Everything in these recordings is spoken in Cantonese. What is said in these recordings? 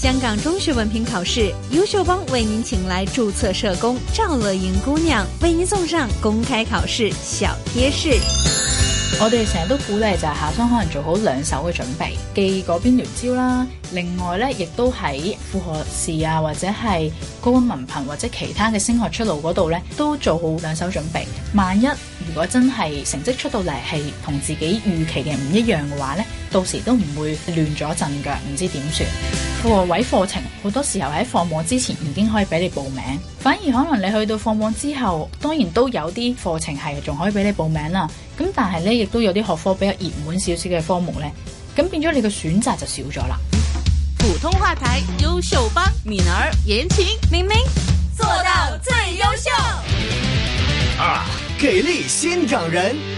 香港中學文憑考試，優秀幫為您請來注冊社工趙樂瑩姑娘，為您送上公開考試小貼士。我哋成日都鼓勵就係考生可能做好兩手嘅準備，既嗰邊聯招啦，另外咧亦都喺副學士啊，或者係高文憑或者其他嘅升學出路嗰度咧，都做好兩手準備。萬一如果真係成績出到嚟係同自己預期嘅唔一樣嘅話咧？到時都唔會亂咗陣腳，唔知點算。副學位課程好多時候喺放榜之前已經可以俾你報名，反而可能你去到放榜之後，當然都有啲課程係仲可以俾你報名啦。咁但係咧，亦都有啲學科比較熱門少少嘅科目咧，咁變咗你嘅選擇就少咗啦。普通話台優秀班，敏兒言情，明明做到最優秀，二、啊、給力新港人。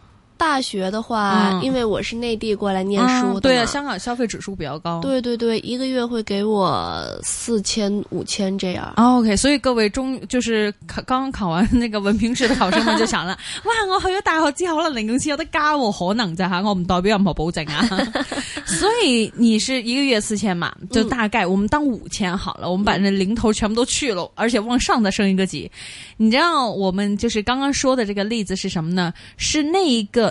大學的話，嗯、因為我是內地過來念書的、嗯，對，啊，香港消費指數比較高，對對對，一個月會給我四千五千這樣。Oh, OK，所以各位中就是剛剛考完那個文憑試的考生們就想了， 哇，我去咗大學之後啦，零用錢有得加，可能在哈，我們代表唔冇保證啊。 所以你是一個月四千嘛，就大概、嗯、我們當五千好了，我們把那零頭全部都去了，而且往上再升一個級。你知道我們就是剛剛說的這個例子是什麼呢？是那一個。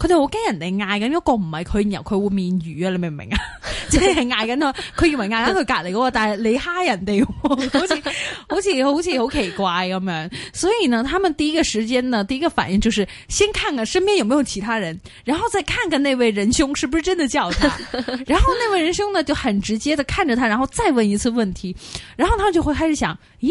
佢哋好驚人哋嗌緊一個唔係佢，然後佢會面魚啊！你明唔明啊？即係嗌緊佢，佢以為嗌緊佢隔離嗰個，但係你蝦人哋，好似好似好似好奇怪咁樣。所以呢，他們第一個時間呢，第一個反應就是先看看身邊有冇有其他人，然後再看看那位仁兄是不是真的叫他。然後那位仁兄呢就很直接的看着他，然後再問一次問題。然後他就會開始想，咦？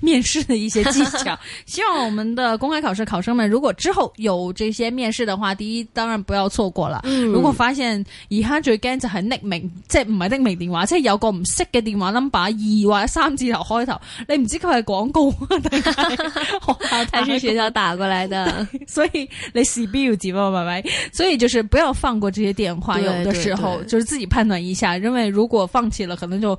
面試的一些技巧，希望 我們的公開考試考生們，如果之後有這些面試的話，第一當然不要錯過了。嗯、如果發現依家最驚就係匿名，即係唔係匿名電話，即係有個唔識嘅電話 number，二或者三字頭開頭，你唔知佢係廣告， 還是學校打過來的， 來的 所以你 s e b 幾萬蚊所以就是不要放過這些電話， 對有的時候就是自己判斷一下，因為如果放棄了，可能就。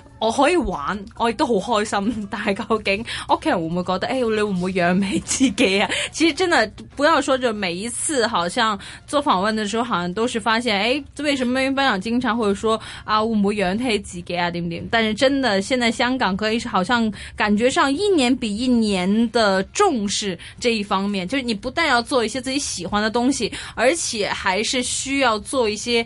我可以玩，我亦都好開心。但係究竟屋企人會唔會覺得，哎，你會唔會養你自己啊？其實真的不要說就每一次，好像做訪問的時候，好像都是發現，哎，為什麼因為班長經常會說啊，我會唔會養你自己啊？點點。但是真的，現在香港可以是好像感覺上一年比一年的重視這一方面，就是你不但要做一些自己喜歡的東西，而且還是需要做一些。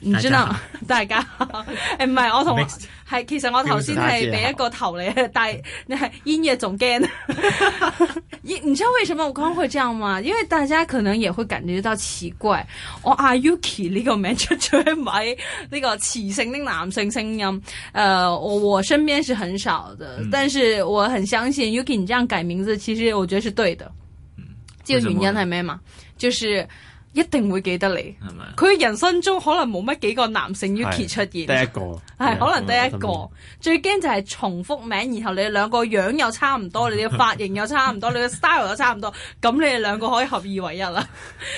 唔知啦，大家，誒唔係我同我係，其實我頭先係俾一個頭你，但係你係音樂仲驚。你你知道為什麼我剛剛會這樣嗎？對因為大家可能也會感覺到奇怪。我 a、啊、Yuki 呢個名，就 m e 就呢個磁性，呢男性聲音？誒、呃，我我身邊是很少的，嗯、但是我很相信 Yuki 你這樣改名字，其實我覺得是對的。這個、嗯、原因係咩嘛？就是。一定會記得你，係咪？佢人生中可能冇乜幾個男性 Uki 出現，第一個係可能第一個，最驚就係重複名，然後你兩個樣又差唔多，你嘅髮型又差唔多，你嘅 style 又差唔多，咁你哋兩個可以合二為一啦。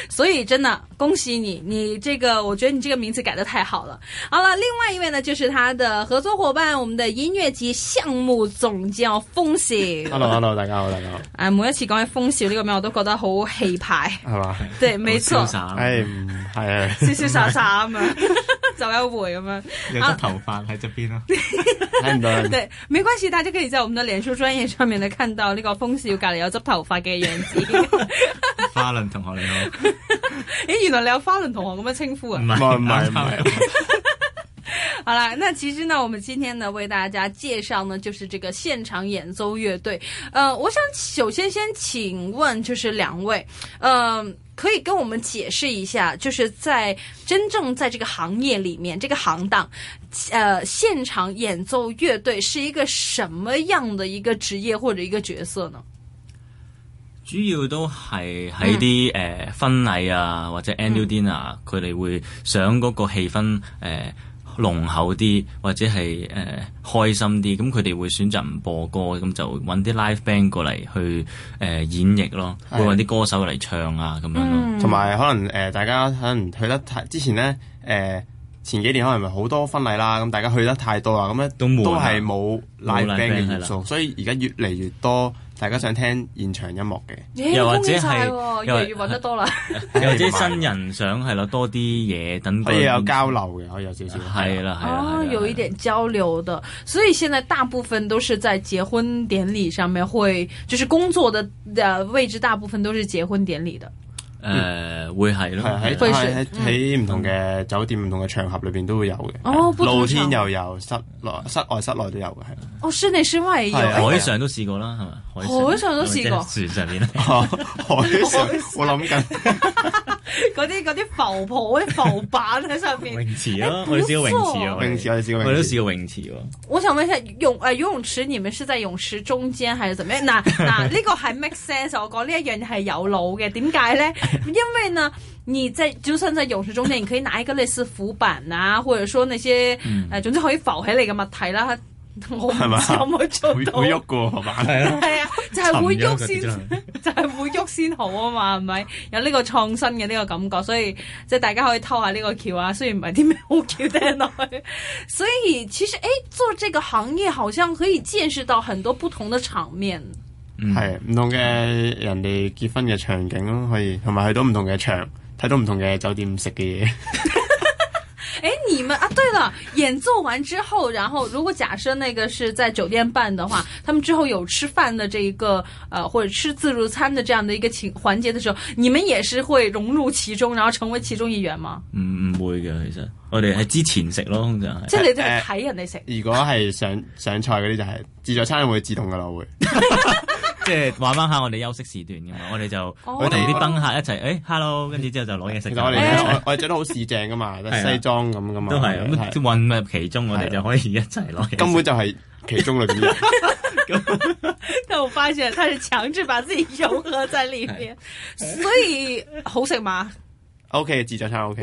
所以真係，恭喜你你這個，我覺得你這個名字改得太好了。好啦，另外一位呢，就是他的合作伙伴，我們的音樂節項目總監風笑。Hello，Hello，大家好，大家好。誒，每一次講起風笑呢個名，我都覺得好氣派，係嘛？對，沒錯。係唔係啊？少少傻傻咁樣，就一回咁樣。有紮頭髮喺側邊咯，睇唔到。對，沒關係，大家可以在我們的臉書專頁上面咧，看到呢個風笑隔籬有紮頭髮嘅樣子。 花輪同學你好，誒， 原來你有花輪同學咁樣稱呼啊？唔係唔係唔係。好啦，那其實呢，我們今天呢為大家介紹呢，就是這個現場演奏樂隊。呃，我想首先先請問，就是兩位，嗯、呃。可以跟我們解釋一下，就是在真正在這個行業裏面，這個行當，呃，現場演奏樂隊是一個什麼樣的一個職業或者一個角色呢？主要都係喺啲誒婚禮啊，或者 annual dinner，佢哋會想嗰個氣氛誒。呃濃厚啲或者係誒、呃、開心啲，咁佢哋會選擇唔播歌，咁就搵啲 live band 過嚟去誒、呃、演繹咯，的會搵啲歌手嚟唱啊咁、嗯、樣咯。同埋可能誒、呃、大家可能去得太之前咧誒、呃、前幾年可能咪好多婚禮啦，咁大家去得太多啦，咁咧都冇，都係冇 live band 嘅元素，band，所以而家越嚟越多。大家想聽現場音樂嘅，欸、又或者係越嚟越揾得多啦。有 啲新人想係攞多啲嘢，等都有交流，然後有少少係啦，係哦、啊，有一點交流嘅。所以現在大部分都是在結婚典禮上面會，會就是工作嘅嘅位置，大部分都是結婚典禮嘅。誒，會係咯，喺喺唔同嘅酒店、唔同嘅場合裏邊都會有嘅。哦，露天又有，室內、室外、室內都有係啊。哦，酸嘅酸味有。海上都試過啦，係咪海上都試過。船上邊海上我諗緊。嗰啲嗰啲浮泡啲浮板喺上邊。泳池啊，我哋試過泳池，泳池我哋試過泳池。我想問一問，泳誒游泳池，你唔係在泳池中間，係做咩？嗱嗱，呢個係 make sense。我講呢一樣嘢係有腦嘅，點解咧？因為呢，你在就算在泳池中間，你可以拿一個類似浮板啊，或者說那些哎、嗯呃，總之可以浮起嚟嘅物體啦，我怎麼做到？會會喐噶，浮板。係啊， 就係會喐先，就係、是、會喐先好啊嘛，係咪？ 有呢個創新嘅呢個感覺，所以即係大家可以偷下呢個橋啊。雖然唔係啲咩好橋，聽落去。所以其實誒，做這個行業好像可以見識到很多不同的場面。係唔、嗯、同嘅人哋結婚嘅場景咯，可以同埋去到唔同嘅場，睇到唔同嘅酒店食嘅嘢。誒、 欸，你們啊，對了，演奏完之後，然後如果假設那個是在酒店辦的話，他們之後有吃飯的這一個，呃，或者吃自助餐的這樣的一個情環節的時候，你們也是會融入其中，然後成為其中一員嗎？唔、嗯、會嘅，其實我哋係之前食咯，即係你都係睇人哋食。如果係上上菜嗰啲、就是，就係自助餐會自動嘅咯，會。 即係玩翻下我哋休息時段嘅嘛，我哋就我同啲賓客一齊，誒，hello，跟住之後就攞嘢食。我哋我我着得好市正噶嘛，西裝咁噶嘛，都係咁混入其中，我哋就可以一齊攞嘢。根本就係其中嚟嘅。但我發現，佢係強制把自己融合在裏邊，所以好食嘛？OK，自助餐 OK。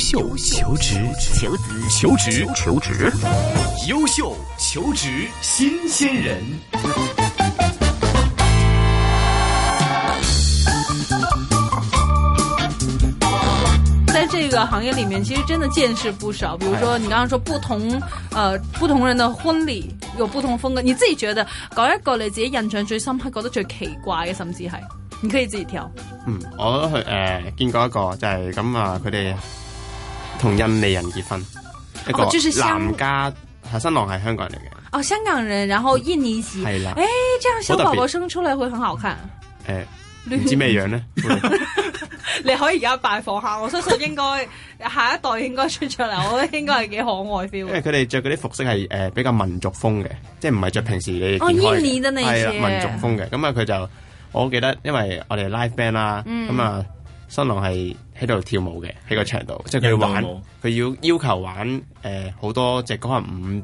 優秀求職，求職求職求職，優秀求職新鮮人。在這個行業裏面，其實真的見識不少。比如說，你剛剛說不同呃不同人的婚禮，有不同風格。你自己覺得搞一個你自己印象最深刻、覺得最奇怪的，甚至係你可以自己調。嗯，我都去誒見過一個，就係咁啊，佢哋。同印尼人結婚，一個就是男家，係、哦就是、新郎係香港人嚟嘅。哦，香港人，然後印尼籍，係啦了。誒、欸，這樣小寶寶生出嚟會很好看。誒，唔、呃、知咩樣咧？你可以而家拜訪下，我相信應該 下一代應該出出嚟，我覺得應該係幾可愛 feel。因為佢哋着嗰啲服飾係誒比較民族風嘅，即係唔係着平時你哦印尼真係民族風嘅。咁啊，佢就我記得，因為我哋 live band 啦、嗯，咁啊、嗯、新郎係。喺度跳舞嘅喺個場度，即係佢玩，佢要要,要求玩，誒、呃、好多只可能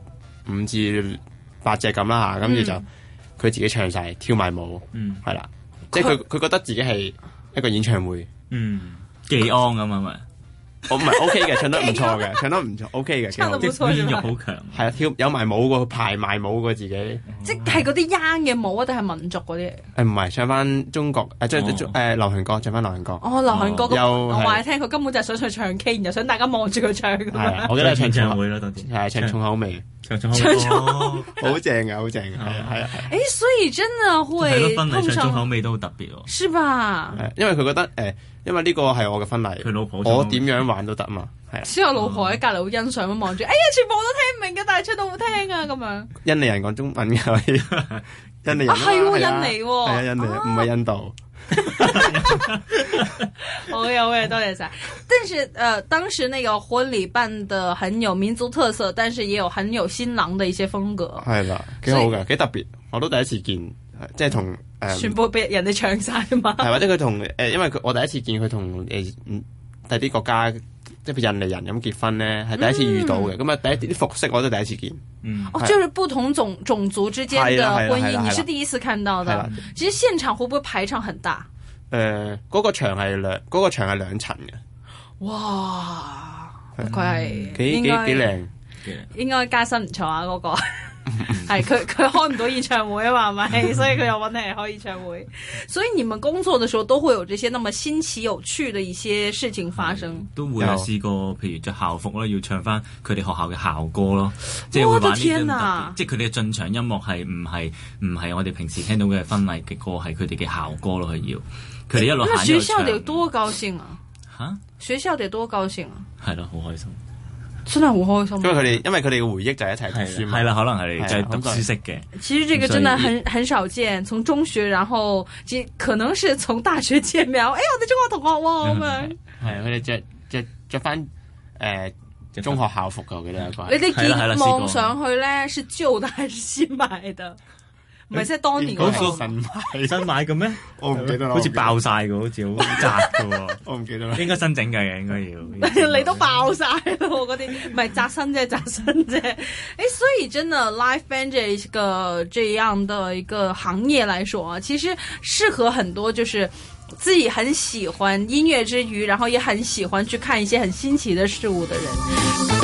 五五至八隻咁啦吓，咁跟住就佢自己唱晒，跳埋舞，嗯，係啦了，他即係佢佢覺得自己係一個演唱會，嗯，幾安咁係咪。 是我唔係 OK 嘅，唱得唔錯嘅，唱得唔錯 OK 嘅，唱得冇錯嘅，肌肉好強。係啊，跳有埋舞嘅，排埋舞嘅自己。即係嗰啲秧嘅舞，定係民族嗰啲？誒唔係，唱翻中國誒，即係誒流行歌，唱翻流行歌。哦，流行歌話你聽，佢根本就係想去唱 K，然後想大家望住佢唱。我記得唱唱會咯，到時係唱重口味，唱重口味，唱好正啊，好正啊，係啊。誒，所以真係會分你唱重口味都好特別喎。是吧？因為佢覺得誒。因為呢個係我嘅婚禮，老婆我點樣玩都得嘛，係啊。所以我老婆喺隔籬好欣賞，望住，哎呀，全部我都聽唔明嘅，但係唱得好聽啊，咁樣。印尼人講中文嘅， 印尼人係、啊、喎，啊啊、印尼、哦，係啊，印尼，唔係、啊、印度。好有嘅，多謝晒。但是，誒、呃，當時那個婚禮辦得很有民族特色，但是也有很有新郎的一些風格。係啦、啊，幾好嘅，幾以特別，我都第一次見。即係同全部俾人哋唱晒啊嘛？係或者佢同誒，因為佢我第一次見佢同誒第啲國家即係印尼人咁結婚咧，係第一次遇到嘅。咁啊，第一啲服飾我都第一次見。哦，就是不同種種族之間的婚姻，你是第一次看到的。其實現場會不會排場很大？誒，嗰個場係兩嗰個場係兩層嘅。哇，佢係幾幾幾靚，應該加薪唔錯啊，嗰個。係佢佢開唔到演唱會啊嘛係咪？所以佢又搵你嚟開演唱會。 所以你們工作的時候都會有這些那麼新奇有趣的一些事情發生。嗯、都會有試過譬有如着校服啦，要唱翻佢哋學校嘅校歌咯。即我的天哪！即係佢哋嘅進場音樂係唔係唔係我哋平時聽到嘅婚禮嘅歌，係佢哋嘅校歌咯。要佢哋一路一學校得有多高興啊！吓蛤，學校得多高興啊！係咯，好開心。真係好開心，因為佢哋因為佢哋嘅回憶就係一齊讀書嘛係啦了，可能係就係讀知識嘅。其實這個真的很很少見，從中學然後，可能係從大學見面， 哎，我哋中學同學喎、哦，係咪 ？係佢哋着着着翻誒中學校服噶，我記得有個。你哋見望上去咧，是舊嘅還是新買的？咪即係當年嗰，神新買，新買嘅咩？我唔記得啦，好似爆曬嘅，好似好炸嘅喎，我唔記得啦。應該新整嘅嘢應該要。要 你都爆曬咯，嗰啲咪炸新啫，炸新啫。誒， 所以真的 Live Band 嘅一個這樣的，一個行業來說啊，其實適合很多，就是自己很喜歡音樂之餘，然後也很喜歡去看一些很新奇的事物的人。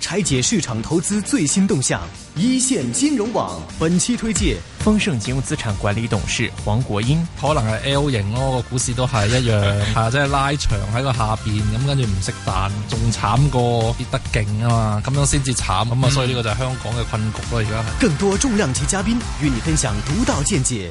拆解市場投資最新動向，一線金融網本期推介豐盛金融資產管理董事黃國英。可能係 L 型咯、哦，個股市都係一樣，係即係拉長喺個下邊，咁跟住唔識彈，仲慘過跌得勁啊嘛，咁樣先至慘咁啊，嗯、所以呢個就係香港嘅困局咯，而家。更多重量級嘉賓與你分享獨到見解。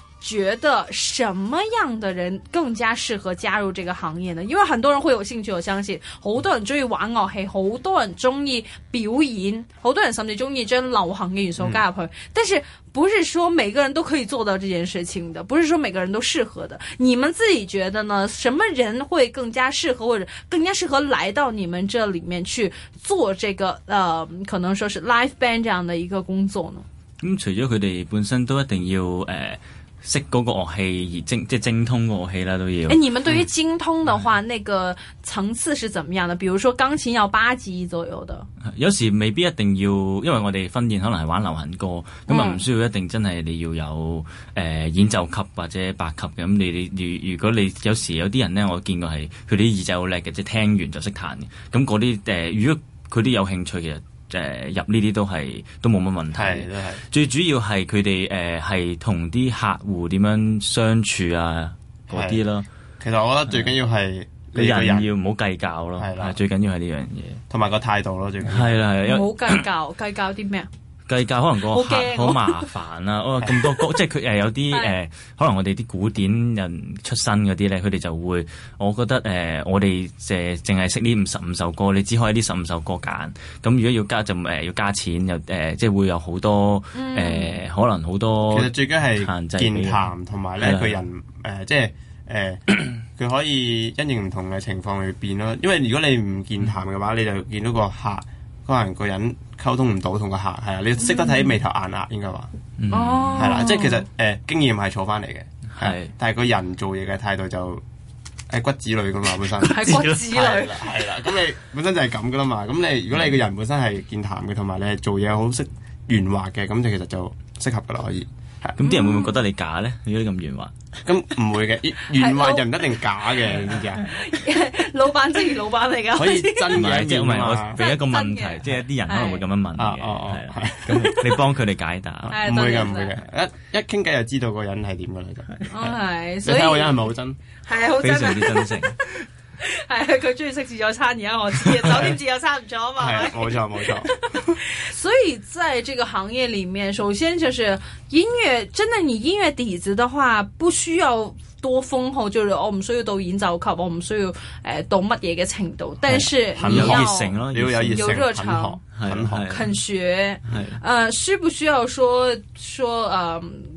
覺得什麼樣的人更加適合加入這個行業呢？因為很多人會有興趣，我相信，很多人中意玩老黑，很多人中意表演，很多人甚至中意真老行業所，所說該但是不是說每個人都可以做到這件事情的？不是說每個人都適合的。你們自己覺得呢？什麼人會更加適合，或者更加適合來到你們這裡面去做這個呃，可能說是 live band 這樣的一個工作呢？嗯、除咗佢哋本身都一定要、呃識嗰個樂器而精即係精通個樂器啦都要。誒、哎，你們對於精通嘅話，哎、那個層次是怎麼樣的？比如說鋼琴要八級左右的，我有時未必一定要，因為我哋訓練可能係玩流行歌，咁啊唔需要一定真係你要有誒、嗯呃、演奏級或者八級嘅。咁你你如果你有時有啲人呢，我見過係佢啲耳仔好叻嘅，即係聽完就識彈嘅。咁嗰啲誒，如果佢啲有興趣嘅。誒入呢啲都係都冇乜問題，最主要係佢哋誒係同啲客戶點樣相處啊嗰啲是咯。其實我覺得最緊要係人，人要唔好計較咯，係啦的，的最緊要係呢樣嘢，同埋個態度咯，最緊要係唔好計較， 計較啲咩？計價可能個客好麻煩啊，害 哦咁多歌， 即係佢誒有啲誒、呃，可能我哋啲古典人出身嗰啲咧，佢哋就會，我覺得誒、呃，我哋誒淨係識呢五十五首歌，你只可以呢十五首歌揀，咁如果要加就誒、呃、要加錢，又誒、呃、即係會有好多誒、嗯呃，可能好多制其實最緊係健談同埋咧，個人誒、呃、即係誒，佢、呃、 可以因應唔同嘅情況去變咯。因為如果你唔健談嘅話，你就見到個客可能個人。溝通唔到同個客係啊，你識得睇眉頭眼額應該話，哦，係啦，即係其實誒、呃、經驗係坐翻嚟嘅，係，係但係個人做嘢嘅態度就係骨子裡噶嘛，本身係骨子裡，係啦，咁 你本身就係咁噶啦嘛，咁你如果你個人本身係健談嘅，同埋你係做嘢好識圓滑嘅，咁就其實就適合噶啦，可以。咁啲、嗯、人會唔會覺得你假咧？如果你咁圓滑？咁唔會嘅，原話就唔一定假嘅，你知唔知啊？老闆即係老闆嚟噶，可以真唔係即係我俾一個問題，即係啲人可能會咁樣問哦，哦，啊，咁你幫佢哋解答，唔會嘅，唔會嘅，一一傾偈就知道個人係點噶啦，就係。我係，你睇我人係咪好真？係啊，好真，非常之真誠。係佢 鍾意食自助餐，而家我自己酒店自助餐唔錯啊嘛。冇錯冇錯，錯 所以在這個行業裏面，首先就是音樂，真的你音樂底子的話，不需要多豐厚，就是我唔需要到演奏級，我唔需要誒到乜嘢嘅程度，但是你要熱誠咯，你要有熱誠，肯學，肯學。誒，需、呃、不需要說說誒？呃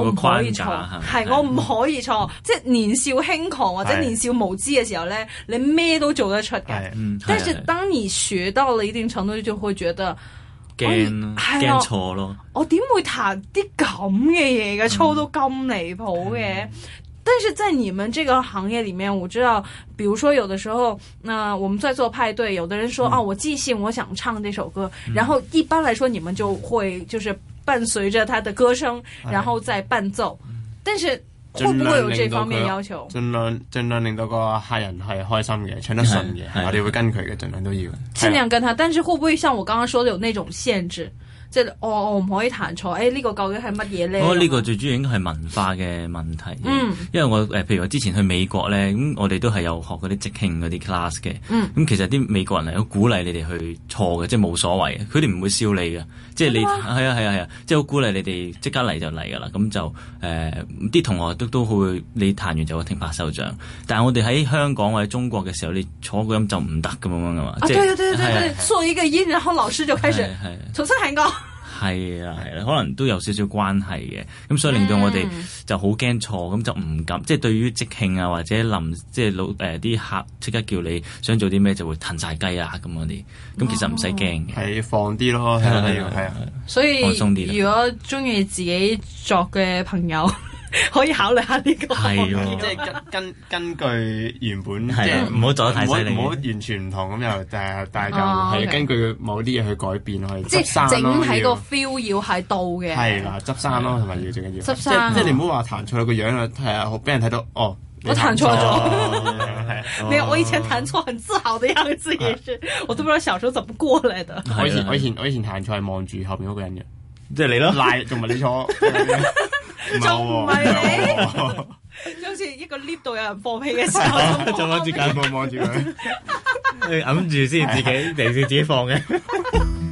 個我唔可以錯，係我唔可以錯，是即係年少輕狂或者年少無知嘅時候咧，的你咩都做得出嘅。是是但是當你學到你一定程度，就會覺得驚驚錯咯。的我點會彈啲咁嘅嘢嘅？錯到咁離譜嘅。但是在你們這個行業裏面，我知道，比如說有的時候，那、呃、我們在做派對，有的人說、嗯、哦，我即興，我想唱這首歌，嗯、然後一般來說你們就會就是伴隨着他的歌聲，嗯、然後再伴奏。但是會不會有這方面要求？盡量盡量令到個客人係開心嘅，唱得順嘅，我哋會跟佢嘅，盡量都要盡量跟他。但是會不會像我剛剛說的有那種限制？即係、哦、我我唔可以彈錯，誒、哎、呢、這個究竟係乜嘢咧？我呢、哦這個最主要應該係文化嘅問題，嗯、因為我譬如我之前去美國咧，咁我哋都係有學嗰啲即興嗰啲 class 嘅，咁、嗯、其實啲美國人係好鼓勵你哋去錯嘅，即係冇所謂嘅，佢哋唔會笑你嘅。即係你係啊係啊係啊！即係好鼓勵你哋即刻嚟就嚟㗎啦，咁就誒啲同學都都會你彈完就會聽拍手掌。但係我哋喺香港或者中國嘅時候坐、uh，你錯個音就唔得咁樣㗎嘛。對對對對對，做一個音，然後老師就開始重新彈過。係啊，係啊，可能都有少少關係嘅，咁所以令到我哋就好驚錯，咁就唔敢，Yeah. 即係對於即興啊或者臨，即係老誒啲、呃、客即刻叫你想做啲咩，就會騰晒雞啊咁嗰啲，咁、oh. 其實唔使驚嘅，係放啲咯，係啊係啊，所以放鬆啲。如果中意自己作嘅朋友。 可以考慮下呢個，即係根根根據原本，即係唔好做得太犀利，唔好完全唔同咁又，但係但係就係根據某啲嘢去改變佢，即係整體個 feel 要係到嘅。係啦，執生咯，同埋最緊要，即係即係你唔好話彈錯個樣啊！睇下俾人睇到哦，我彈錯咗，你有，我以前彈錯很自豪的樣子，也是我都不知道小時候怎麼過來的。我以前我以前我以前彈錯係望住後面嗰個人嘅，即係你咯，賴仲埋你錯仲唔係你，好似 一個 lift 度有人放屁嘅時候，就望住間房望住佢，你揞住先自己，嚟到 自己放嘅。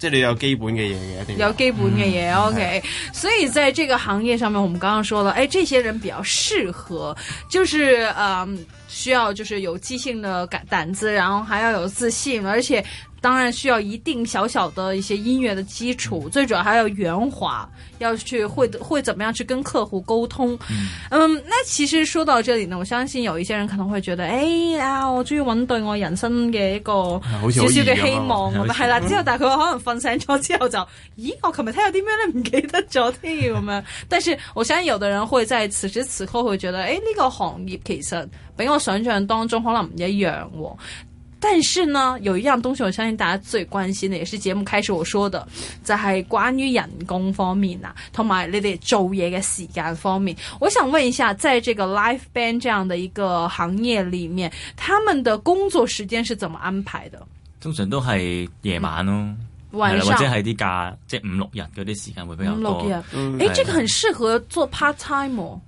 即係你有基本嘅嘢嘅，一定要有基本嘅嘢。O K，所以在這個行業上面，我們剛剛說了，誒、哎，這些人比較適合，就是，嗯、呃，需要就是有即興的膽子，然後還要有自信，而且。當然需要一定小小的一些音樂的基礎，嗯、最主要還要圓滑，要去會會怎麼樣去跟客戶溝通。嗯，嗯，那其實說到這裡呢，我相信有一些人可能會覺得，誒、哎、啊，我終於搵到我人生嘅一個小小嘅希望，係啦吧。之後但佢可能瞓醒咗之後就，咦，我琴日聽有啲咩咧唔記得咗添咁樣。 但是我相信有的人會在此時此刻會覺得，誒、哎、呢、這個行業其實比我想象當中可能唔一樣。嗯但是呢，有一樣東西我相信大家最關心的，也是節目開始我說的，就係、是、關於人工方面啊，同埋你哋做嘢嘅時間方面。我想問一下，在這個 live band 這樣的一個行業裏面，他們的工作時間是怎麼安排的？通常都係夜晚咯晚上是的，或者係啲假，即係五六日嗰啲時間會比較多。五六日，誒，這個很適合做 part time 咯。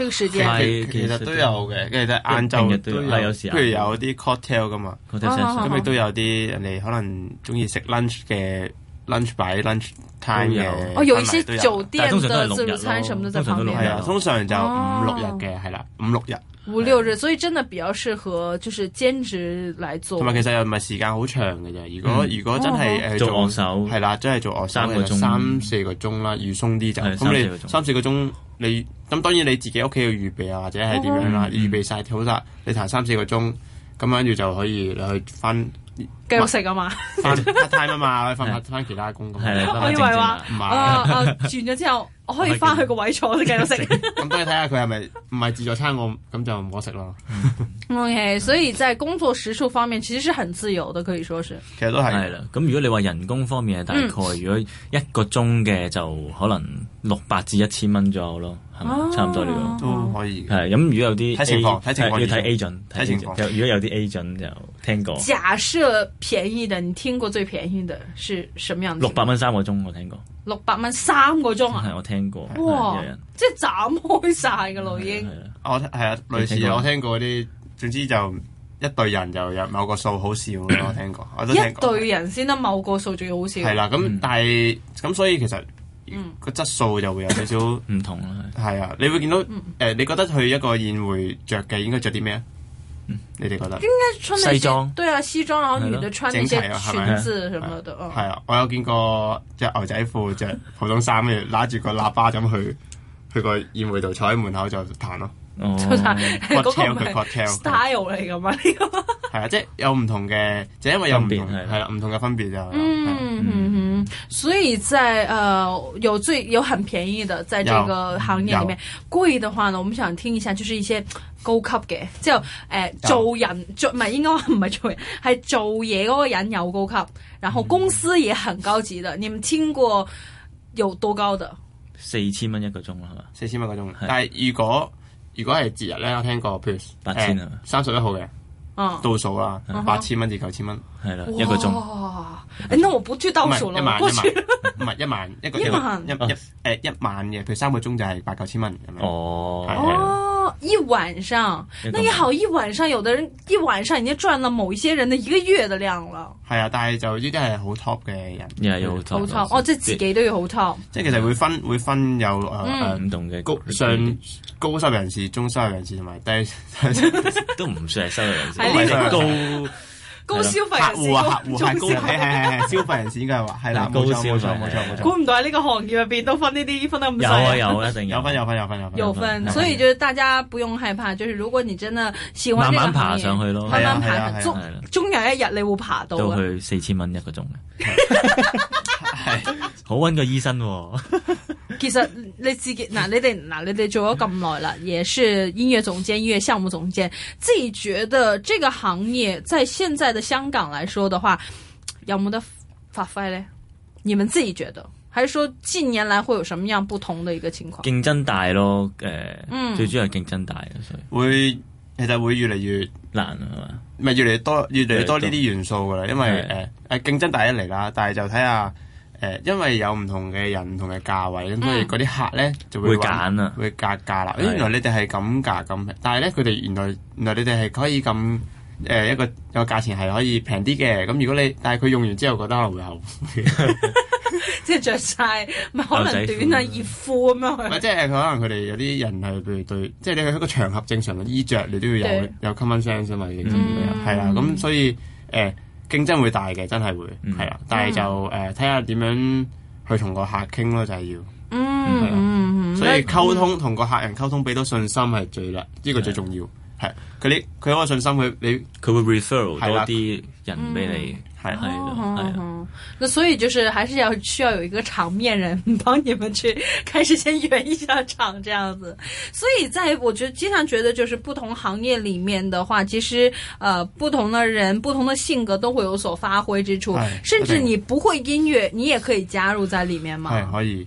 呢個時間其實都有嘅，跟住其實晏晝都有，有時譬如有啲 cocktail 噶嘛，咁亦都有啲人哋可能中意食 lunch 嘅 lunch by lunch time 嘅。哦，有一些酒店嘅自助餐什麼都係啊，通常就五六日嘅。係啦，五六日。五六日，所以真係比較適合，就是兼職嚟做。同埋其實又唔係時間好長嘅啫，如果如果真係做外省，係啦，真係做外省，三個鐘，三、四個鐘啦，預鬆啲就咁你三、四個鐘。你咁當然你自己屋企要預備啊，或者係點樣啦，嗯、預備曬好啦。你彈三四個鐘，咁跟住就可以去翻繼續食啊嘛，翻 part time 啊嘛，去翻翻其他工咁。 對我以為話唔係，轉咗之後。 我可以翻去個位坐，你繼續食。咁你睇下佢係咪唔係自助餐？我咁就唔好食咯。O K，所以在工作時數方面，其實是很自由的，可以說是。其實都係係啦。咁如果你話人工方面嘅，大概如果一個鐘嘅就可能六百至一千蚊左右咯，係咪？差唔多呢個都可以。係咁，如果有啲睇情況，睇情況要睇 agent，睇情況。如果有啲 agent 就聽過。假設便宜的，你聽過最便宜嘅是什麼樣子？六百蚊三個鐘，我聽過。六百蚊三個鐘啊！係我聽過，哇，即係斬開晒噶咯，已經。我係啊，類似我聽過啲，總之就一隊人就有某個數好笑我聽過，我一隊人先得某個數，最好笑。係啦，咁但係咁，所以其實個質素就會有少少唔同啦。係啊，你會見到誒，你覺得去一個宴會着嘅應該着啲咩啊？你哋覺得應該穿西裝，對啊西裝，然後女的穿啲裙子什麼的。係啊，我有見過着牛仔褲着普通衫，咪拿住個喇叭咁去去個宴會度坐喺門口就彈咯。style 嚟噶嘛。呢個係啊，即係有唔同嘅，就因為有唔同係啦，唔同嘅分別就。嗯嗯，所以在誒，有最有很便宜的，在這個行業裏面貴的話呢，我們想聽一下，就是一些。高級嘅，之後誒，做人做唔係應該唔係做人，係做嘢嗰個人有高級，然後公司也很高級啦。你聽過有多高嘅？四千蚊一個鐘啦，係嘛？四千蚊一個鐘。但係如果如果係節日咧，我聽過，譬如八千啊，三十一號嘅倒數啦，八千蚊至九千蚊，係啦，一個鐘。哇！誒，那我不去倒數啦，一萬唔係一萬一個，一誒一萬嘅，譬如三個鐘就係八九千蚊咁樣。哦。哦。一晚上，那你好一晚上，有的人一晚上，已經賺了某一些人的一個月的量了。係啊，但係就呢啲係好 top 嘅人，又係好 top。好 top，哦即係自己都要好 top。即係其實會分會分有誒誒唔同嘅高上高收入人士、中收入人士同埋低都唔算係收入人士，高。高消費人士，高消費人士應該話係啦，冇錯冇錯冇錯。估唔到喺呢個行業入邊都分呢啲分得咁細。有一定有分有分有分有分。有分，所以就大家不用害怕，就是如果你真的喜歡慢慢爬上去咯，慢慢爬，終終有一日你會爬到。到去四千蚊一個鐘。係，好揾個醫生。其實你自己嗱，你哋嗱，你哋做咗咁耐啦，也是音樂總監、音樂項目總監，自己覺得這個行業在現在的，香港來說的話，有冇得發揮咧？你們自己覺得，還是說近年來會有什麼樣不同的一個情況？競爭大咯，誒、呃，嗯、最主要係競爭大，所以會其實會越嚟越難係了嘛，咪越嚟越多越嚟越多呢啲元素噶啦，越越因為誒誒競爭大一嚟啦，但係就睇下誒、呃，因為有唔同嘅人唔同嘅價位，咁、嗯、所以嗰啲客咧就會揀啊，會格價啦，咦對，原來你哋係咁噶咁，但係咧佢哋原來原來你哋係可以咁。誒一個個價錢係可以平啲嘅，咁如果你但係佢用完之後覺得可能會後悔，即係著晒，可能短啊熱褲咁樣。去即係可能佢哋有啲人係譬如對，即係你喺一個場合正常嘅衣着，你都要有有 common sense 啊嘛，嘅先係啦。咁所以誒競爭會大嘅，真係會係啦。但係就誒睇下點樣去同個客傾咯，就係要嗯，所以溝通同個客人溝通，俾到信心係最啦，呢個最重要。係佢你佢有個信心佢你佢會 referral 多啲人俾你，係係係。嗯、那所以就是，還是要需要有一個場面人幫你們去開始先圓一下場，這樣子。所以在我覺得，經常覺得就是不同行業裏面的話，其實，呃，不同的人、不同的性格都會有所發揮之處。的甚至你不會音樂，你也可以加入在裏面嘛。係可以。